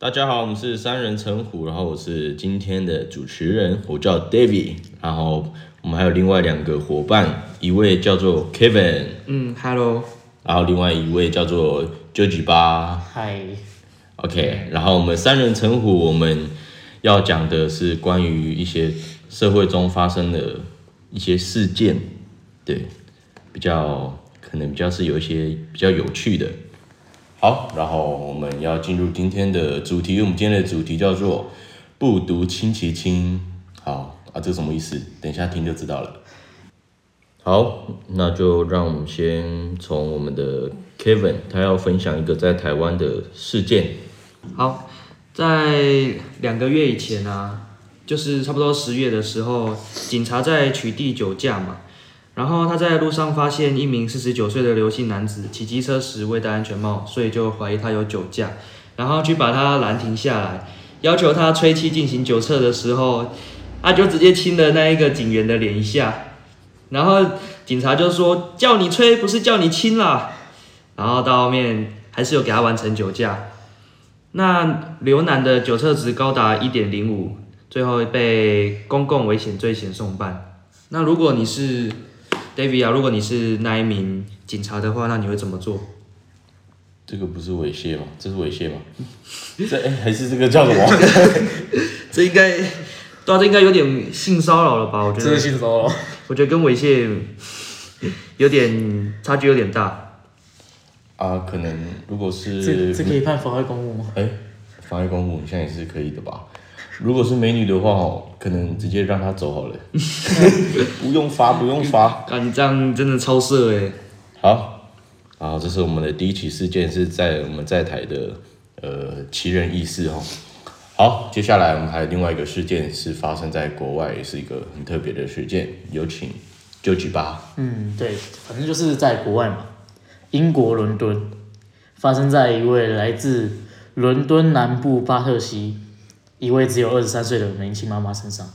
大家好，我們是三人成虎，然後我是今天的主持人，我叫 David，然後我們還有另外兩個夥伴，一位叫做 Kevin，嗯，Hello，然後另外一位叫做 Jojiba 吧，Hi，OK，okay, 然後我們三人成虎，我們要講的是關於一些社會中發生的一些事件，對，比較可能比較是有一些比較有趣的。好，然後我們要進入今天的主題。我們今天的主題叫做“不獨親其親”。好啊，這個什麼意思？等一下聽就知道了。好，那就讓我們先從我們的 Kevin 他要分享一個在台灣的事件。好，在兩個月以前啊，就是差不多十月的時候，警察在取締酒駕嘛。然後他在路上發現一名四十九歲的劉姓男子騎機車時未戴安全帽，所以就懷疑他有酒駕，然後去把他攔停下來，要求他吹氣進行酒測的時候，他就直接親了那一個警員的臉一下，然後警察就說，叫你吹不是叫你親啦。然後到後面還是有給他完成酒駕，那劉男的酒測值高達一點零五，最後被公共危險罪嫌送辦。那如果你是 David 啊，如果你是那一名警察的話，那你會怎麼做？這個不是猥褻嗎？這是猥褻嗎？這哎、 欸，還是這個叫什麼？ 這應該，大家、啊、應該有點性騷擾了吧？我覺得這是性騷擾。我覺得跟猥褻有點差距，有點大。啊，可能如果是這，這可以判妨礙公務嗎？哎、欸，妨礙公務現在也是可以的吧？如果是美女的話哦，可能直接讓她走好了，欸 不罰。不用罰，不用罰。幹仗真的超色誒、欸、好，啊，這是我們的第一起事件，是在我們在台的呃奇人異事哦，好，接下來我們還有另外一個事件，是發生在國外，也是一個很特別的事件。有請九九八。嗯，對，反正就是在國外嘛，英國倫敦，發生在一位來自倫敦南部巴特西。一位只有二十三歲的年輕媽媽身上。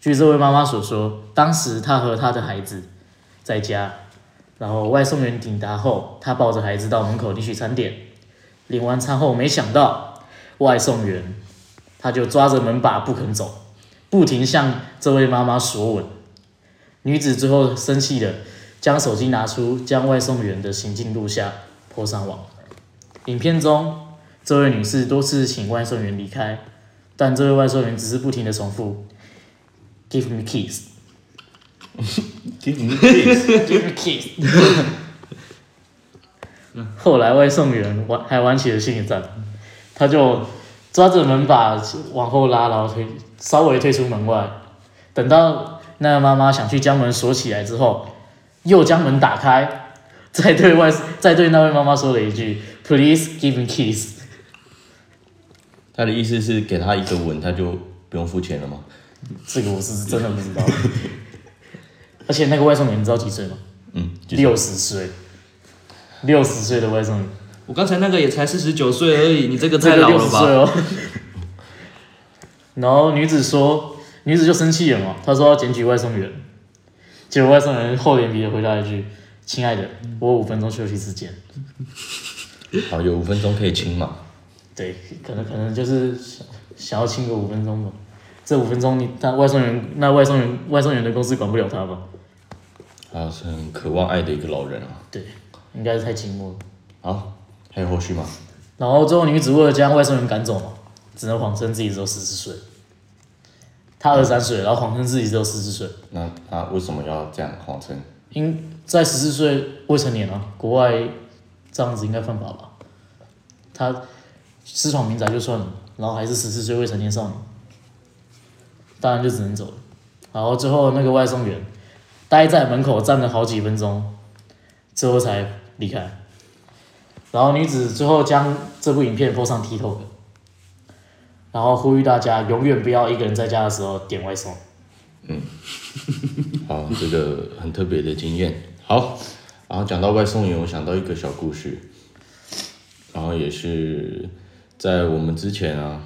據這位媽媽所說，當時她和她的孩子在家，然後外送員抵達後，她抱着孩子到門口領取餐點。領完餐後，沒想到外送員，她就抓着門把不肯走，不停向這位媽媽索吻。女子最後生氣的將手機拿出，將外送員的行徑錄下，潑上網。影片中，這位女士多次請外送員離開。但這位外送員只是不停的重複，give me kiss。give me kiss give me ki ss give me kiss 後來外送員玩還玩起了心理戰，他就抓着門把往後拉，然後推，稍微推出門外，等到那個媽媽想去將門鎖起來之後，又將門打開，再對外，再對那位媽媽說了一句 please give me kiss 他的意思是給他一個吻，他就不用付錢了嗎？這個我是真的不知道。 而且那個外送員你知道幾歲嗎？嗯，六十歲，六十歲的外送員。我剛才那個也才四十九歲而已，你這個太老了吧。六十歲哦。 然後女子說，女子就生氣了嘛，她說要檢舉外送員。結果外送員厚臉皮的回答一句：“親愛的，我五分鐘休息時間。” 好，有五分鐘可以親嘛？對，可能可能就是想想要親個五分鐘吧。這五分鐘你，你他外送員，那外送員，外送員的公司管不了他吧？他是很渴望愛的一個老人啊。對，應該是太寂寞了。啊？還有後續嗎？然後最後女子為了將外送員趕走嘛，只能謊稱自己只有十四歲。她二十三歲，然後謊稱自己只有十四歲。那她為什麼要這樣謊稱？因在十四歲未成年啊，國外這樣子應該犯法吧？她。私闖民宅就算了，然後還是十四歲未成年少女，當然就只能走了。然後最後那個外送員，待在門口站了好幾分鐘，之後才離開。然後女子最後將這部影片播上 TikTok，然後呼籲大家永遠不要一個人在家的時候點外送。嗯，好，這個很特別的經驗。好，然後講到外送員，我想到一個小故事，然後也是。在我們之前啊，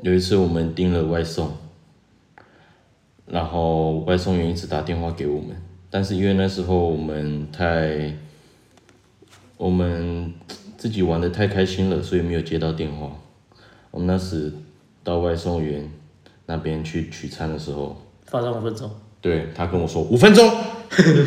有一次我們訂了外送，然後外送員一直打電話給我們，但是因為那時候我們太，我們自己玩的太開心了，所以沒有接到電話。我們那時到外送員那邊去取餐的時候，發生五分鐘。對，他跟我說五分鐘，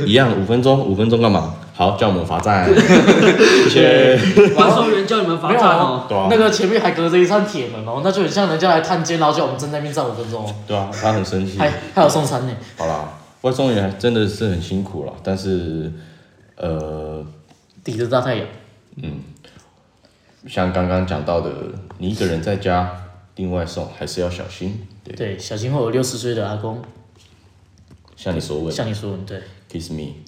一樣五分鐘，五分鐘幹 嘛？好，叫我們罰站。謝謝。外送員叫你們罰站、啊、哦。對、啊、那個前面還隔着一扇鐵門哦，然後那就很像人家來探監，然後叫我們站在那邊站五分鐘哦。對啊，他很生氣。還還有送餐呢。好啦，外送員真的是很辛苦了，但是，呃，頂着大太陽。嗯。像剛剛講到的，你一個人在家另外送，還是要小心。對對，小心會有六十歲的阿公。向你索吻。向你索吻，對。Kiss me.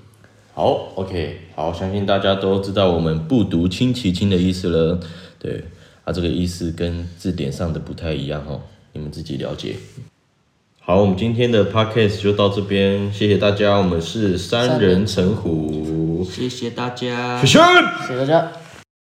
好，OK，好，相信大家都知道我們不獨親其親的意思了，對，啊，這個意思跟字典上的不太一樣哦，你們自己了解。好，我們今天的 podcast 就到這邊，謝謝大家，我們是三人成虎，三人，謝謝大家，謝謝大家。